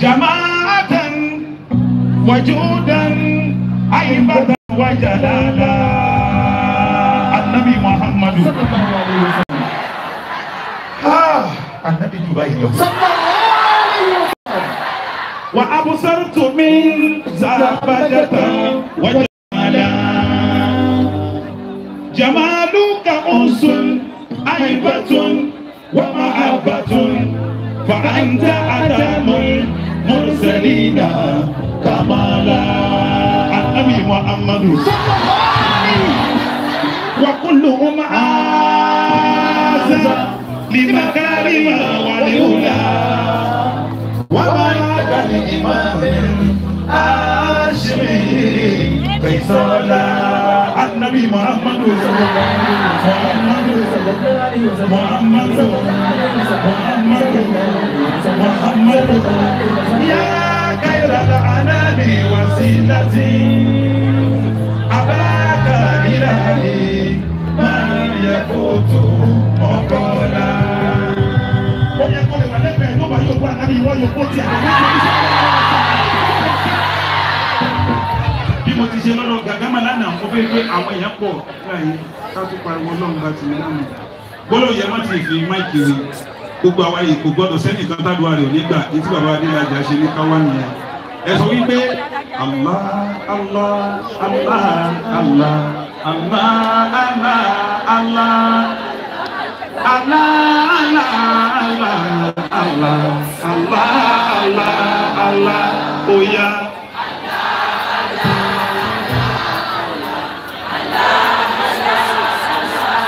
جماعة وجودا هيبة وجلالا النبي محمد صلى الله عليه وسلم النبي صلى الله عليه وسلم وأبصرت من زابدة وجمالا جمالك أنس هيبة ومحبة فأنت أدم مرسلين كمالا النبي محمد وكل الله عليه لمكارم ولولا وما عاد لإمام هاشمي فيصلا nabi muhammadu muhammadu muhammadu muhammadu muhammadu ya kaira da anabi wasilati abaka ilahi ma yakutu ọkọla. ó yẹ kó lẹ́gbẹ̀ẹ́ ló bá yóò wá àbí ìwọ yóò kó tiẹ̀ lọ́wọ́ mo ti ṣe lọ́dọ̀ gàgámà lánàá mo fẹ́ pé àwọn èèyàn pọ̀ láàyè ká tó pariwo ọlọ́run bá ti lánàá bọ́lá òye má ti fi máìkì rí gbogbo àwa yìí kò gbọ́dọ̀ sẹ́ni kan tádùá rẹ̀ nígbà etí bàbá adélájà ṣe ní káwá nìyẹn ẹ sọ wípé Allah Allah Allah Allah Allah Allah Allah Allah Allah Allah Allah Allah Allah oya.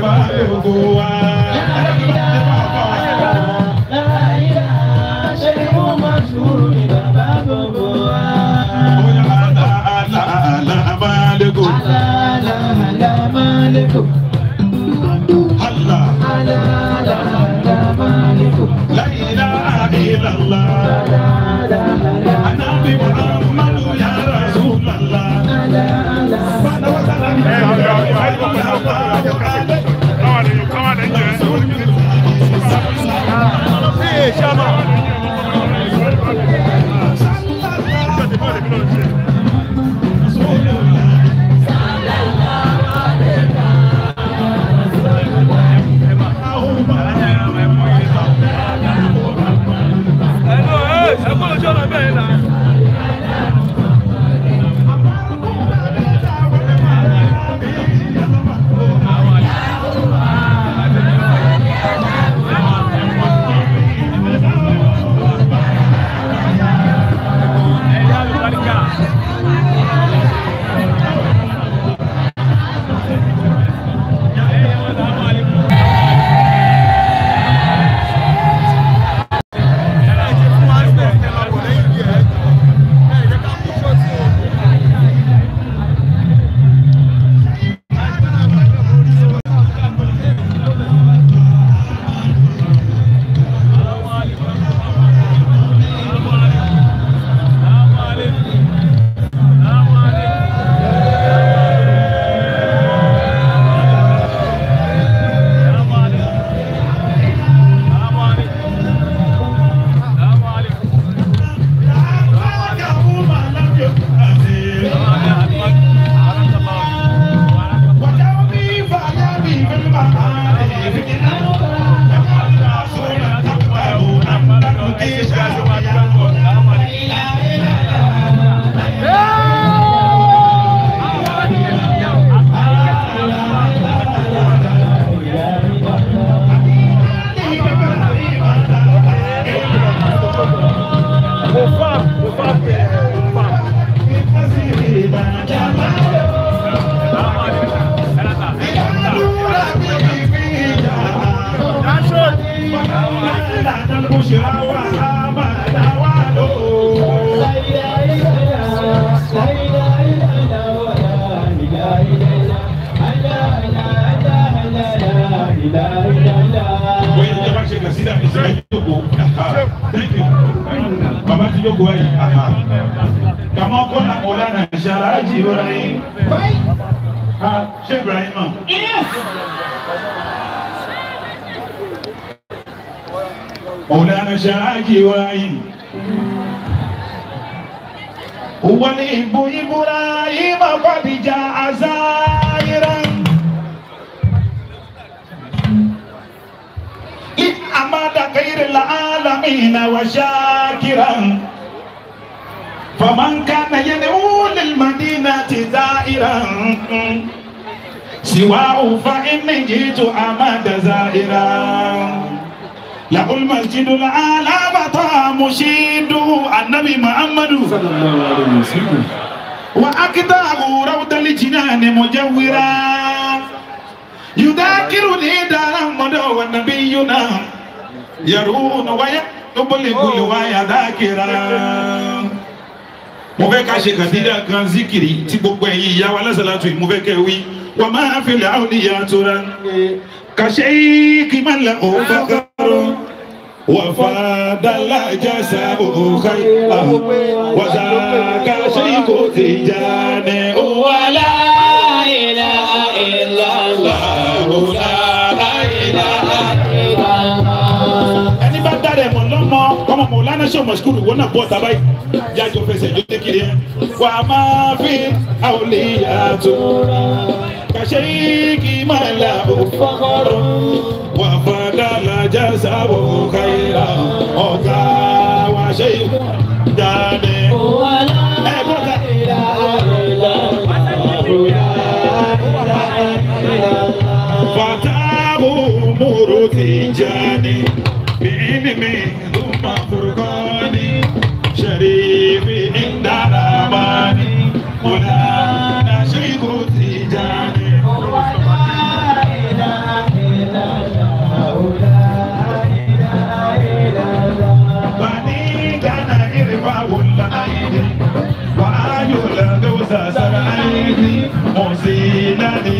bàbá ògo wa. sí dàbí ṣé ẹ jókòó thank you bàbá ti jókòó ẹ kàmá ọkọ náà kọ lánàá ṣe aláàjì ìrora yín ṣé Ibrahim ma. مولانا شاكي واين هو الإب إبراهيم قد جاء زاد خير العالمين وشاكرا فمن كان ينول المدينة زائرا سواه فإني جئت أمد زائرا له المسجد الأعلى بطا مشيد النبي محمد صلى الله عليه وسلم وأكده روض الجنان مجورا يذاكرني دار محمد ونبينا yẹ̀rún wáyé tó bọ́lẹ̀ gbọ́lẹ̀ wáyà dákìrà. mo fẹ́ ká ṣe kàdídà kan zikiri tí gbogbo ẹ̀yin ìyá wa lásàlátù yìí mo fẹ́ kẹ́ wí wà máa fi lè àwọn ìyá tó ra. kàṣẹ́ kí má la òun bá kárọ̀. وفاد الجسد خيره وذاك شيخ تجاني sọ ma sukuru wọn náà bọ taba yìí jájọ fẹsẹ lóde kiri yẹn wà máa fi àwọn lè yàtọ̀ kàṣẹ kì í máa la òfòkòrò wà fàdà làjà sábò káyìrà ọ̀gá wà ṣe dáadé. Yeah.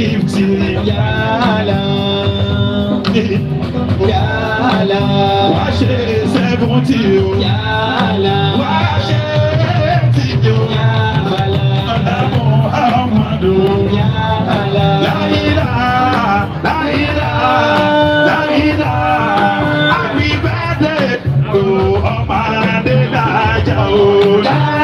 جبتي يا لا يا لا وعشري سبعتي يا لا وعشرتي يا لا أنا محمد يا لا لا إله لا إله لا إله Happy birthday to Omar Adedaja.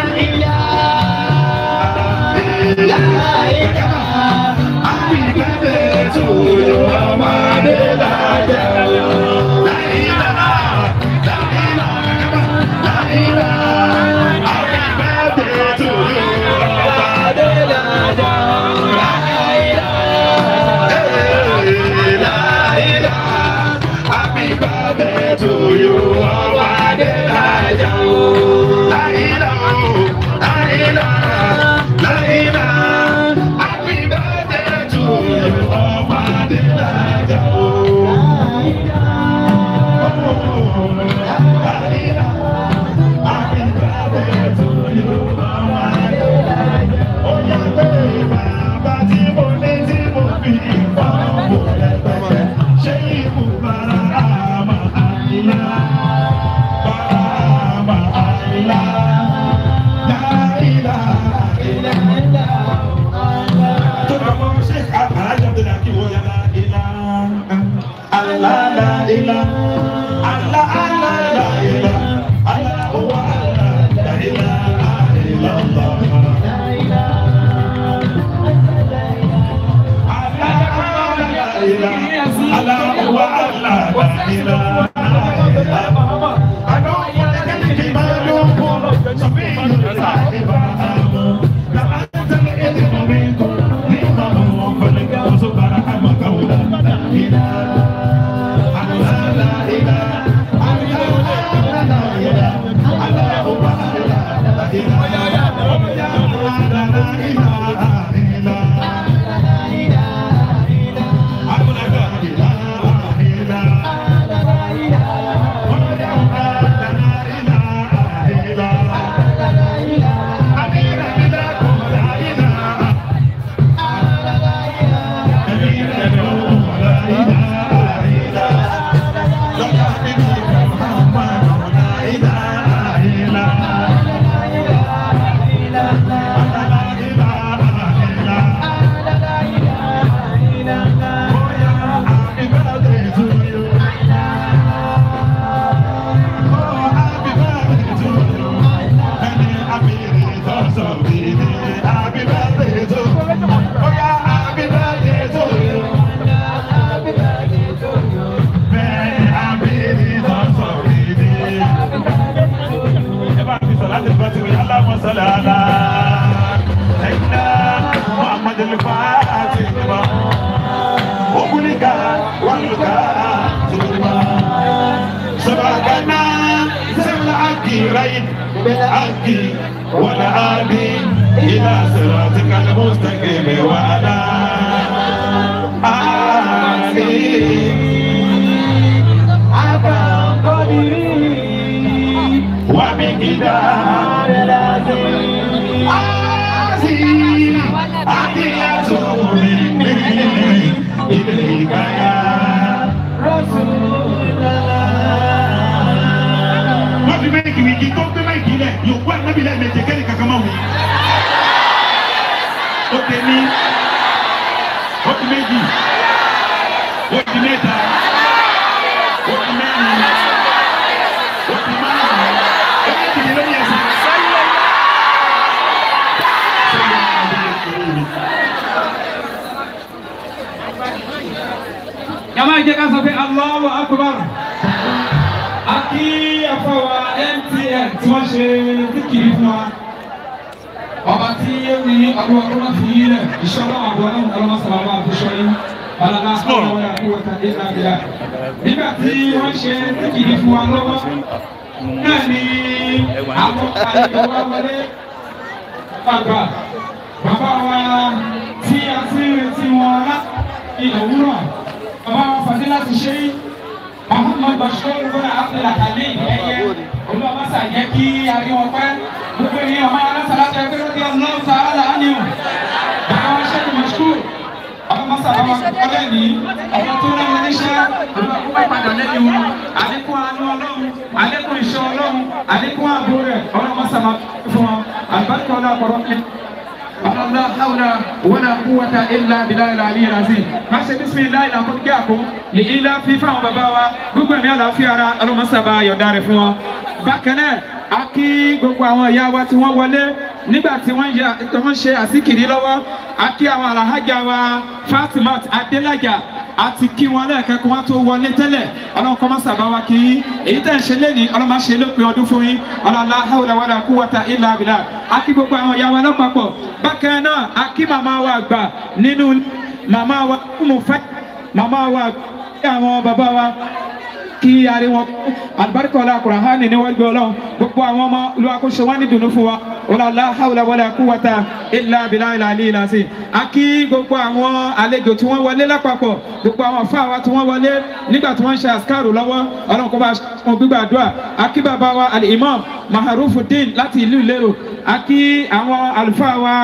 Happy birthday. Thank you. angka cuma sebagana sebelaki lain belaki wala adi ila siratikal mustaqim wa ala amin apa qadiri wa miqdar lazim azim Ati azumi Ibrika ya wìkìwìkì tó ń gbé máìkì lẹ̀ yòókù ànábì lẹ́ẹ̀mejì kẹ́ni kankan máa wù í. ó tẹ̀ mí ó ti méjì. tí wọ́n fún wa ọba tí yé mi àdúrà tó má fi yí rẹ̀ ìṣọ́lá àbúrò náà ọlọ́mọ sàlámà àfúnṣọ́ yín balaba ọlọ́wọ́ yà kó wọ́tà dé nàbíyà nígbà tí wọ́n ṣe kíkiri fún wa lọ́wọ́ náà ni àwọn àlejò wọlé bàbá bàbá wa tí a ti retí wọn lá ìdòwúrọ̀ bàbá wa fàdé láti ṣe Muhammad Bashir wọn àfẹlẹ àkàlẹ ìyẹyẹ olúwa má sà jẹ́ kí arí wọn pẹ́ gbogbo ènìyàn máa rán sàlátà ẹgbẹ́ lọ́dí ọlọ́run sàrádà ánìyàn bàbá wọn ṣẹ́ni mọ̀ṣúkú ọlọ́mọ sàbá wọn kọ́kọ́ lẹ́ni ọmọ tó rán wọn níṣẹ́ olúwa kó bá padà lẹ́ni wọn àlékún àánú ọlọ́run àlékún ìṣọ́ ọlọ́run àlékún ààbò rẹ̀ ọlọ́mọ sàbá fún wọn àgbàkẹ́ ọlá àkọ́rọ́ لا حول ولا قوة إلا بالله العلي العظيم ما شاء بسم الله لا قد جاكم لإلا في فهم بابا وقبل ما لا في أرى ألو مسابا يدار فهم bákan náà a kí gbogbo àwọn ìyá wa tí wọ́n wọlé nígbà tí wọ́n ń ṣe àsìkiri lọ́wọ́ a kí àwọn alahajà wa Fatimat Adélájà àti kí wọn lẹ́ẹ̀kan kí wọ́n tó wọlé tẹ́lẹ̀ ọlọ́run kọ́ máa sábà wá kí yín èyí tẹ̀ ń ṣe lé ní ọlọ́run máa ṣe lópin ọdún fún yín ọlọ́lá hàwùlà wàlà kú wọ́tà ìlà àbílà a kí gbogbo àwọn ìyá wa lápapọ̀ bákan náà a kí màmá wa àgbà nínú màmá wa kúmù màmá wa àgbà àwọn bàbá wa kí ari wọn alibarika ọlá kurahani ni wọn gbé ọlọ́run gbogbo àwọn ọmọ olùwàkóso wọn ní dùnú fún wa ọlọlá hawla wala quwwata illa billahi ali ilàsì akí gbogbo àwọn àlejò tí wọn wọlé lápapọ̀ gbogbo àwọn fáwa tí wọn wọlé nígbà tí wọn ṣe àṣkárù lọ́wọ́ ọlọ́run kó bá wọn gbígbàdúrà akí bàbá wa alimam maharufu láti ìlú ìlérò akí àwọn àlùfáà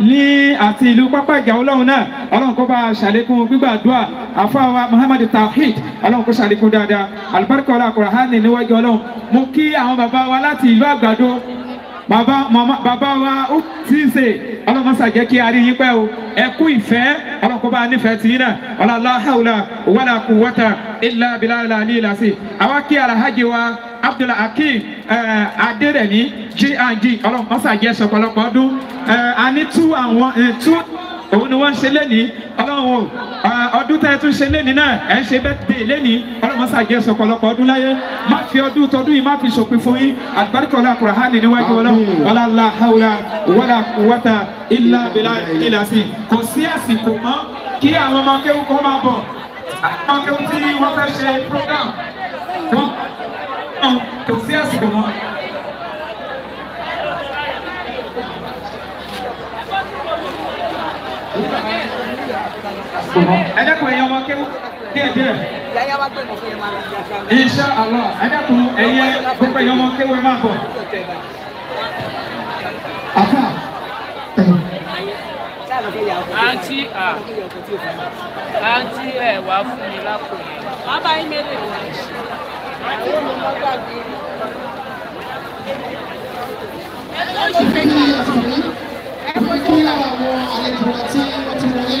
ní àti ìlú pápá ìjà ọlọ́run náà ọlọ́run kó bá ṣàlékún gbígbàdúrà àfọwà muhammadu tawhid ọlọ́run kó ṣàlékún dáadáa alibarika ọlọ́run akurahani níwájú ọlọ́run mo kí àwọn bàbá wa láti ìlú àgbàdo bàbá màmá bàbá wa ó ti ń ṣe ọlọ́run mọ́sá jẹ́ kí a rí yín pẹ́ o ẹ kú ìfẹ́ ọlọ́run kó bá nífẹ̀ẹ́ tì í náà ọlọ́run láhàwùlà wàlà kù wọ́tà ilà bìlà àlà ìlàsì àwa kí alahaji abdulhakeem eh, adérẹ̀mí G. and G&G ọlọ́run kan ṣàjẹ́ ṣọ̀pọ̀lọpọ̀ ọdún a ní tú àwọn two. òun ni wọ́n ń ṣe lẹ́nìí ọlọ́run ọdún tẹ́ ẹ tún ṣe lẹ́nìí náà ẹ ń ṣe bẹ́ẹ̀ lẹ́nìí ọlọ́run ṣàjẹ́ ṣọ̀pọ̀lọpọ̀ ọdún láyé má fi ọdún tọdún yìí má fi ṣòpin fún yín àgbàríkọ̀ ọlá kùràhánì níwájú ọlọ́run wala la hawla wala quwwata illa billahi ìlàsì kò sí àsìkò mọ́ kí àwọn ọmọ kéwù kọ́ máa bọ̀ àwọn kéwù tí wọ́n fẹ́ ṣe program kò sí àsìkò mọ́ ẹ dẹ́kun ẹ̀yin ọmọ kéwù díẹ̀ díẹ̀ insha allah ẹ dẹ́kun ẹ̀yin gbogbo ẹ̀yin ọmọ kéwù ẹ máa bọ̀. afa àǹtí à àǹtí ẹ̀ wá fún mi lápò yẹn. wàá bá yín ìfẹ́ kí àwọn àlejò àti ọtí wọlé.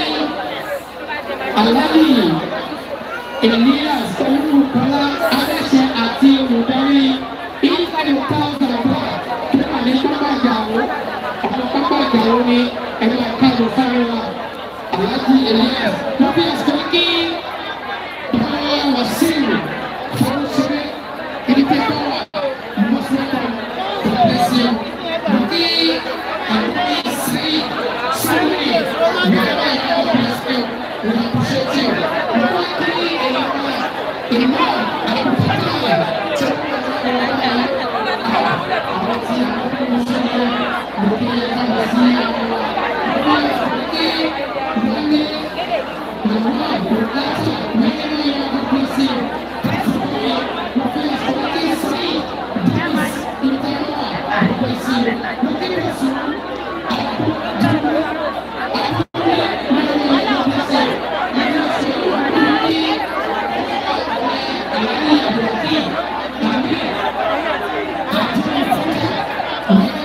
aláàbì elias olúkọlá aláṣẹ àti olùdarí ìlànà káwọn àbá tó wà ní pápá ìjàwó ọmọ pápá ìjàwó ni ẹgbẹ́ káwọn sáré wa aláàbì elias lọ́bí ẹ̀sọ́ kí báwa wà sí ìlú fún ṣẹlẹ ẹni tí a bá wà mọ́sílẹ̀ kan kò bẹ́sẹ̀ lọ́bí àwọn. Gracias.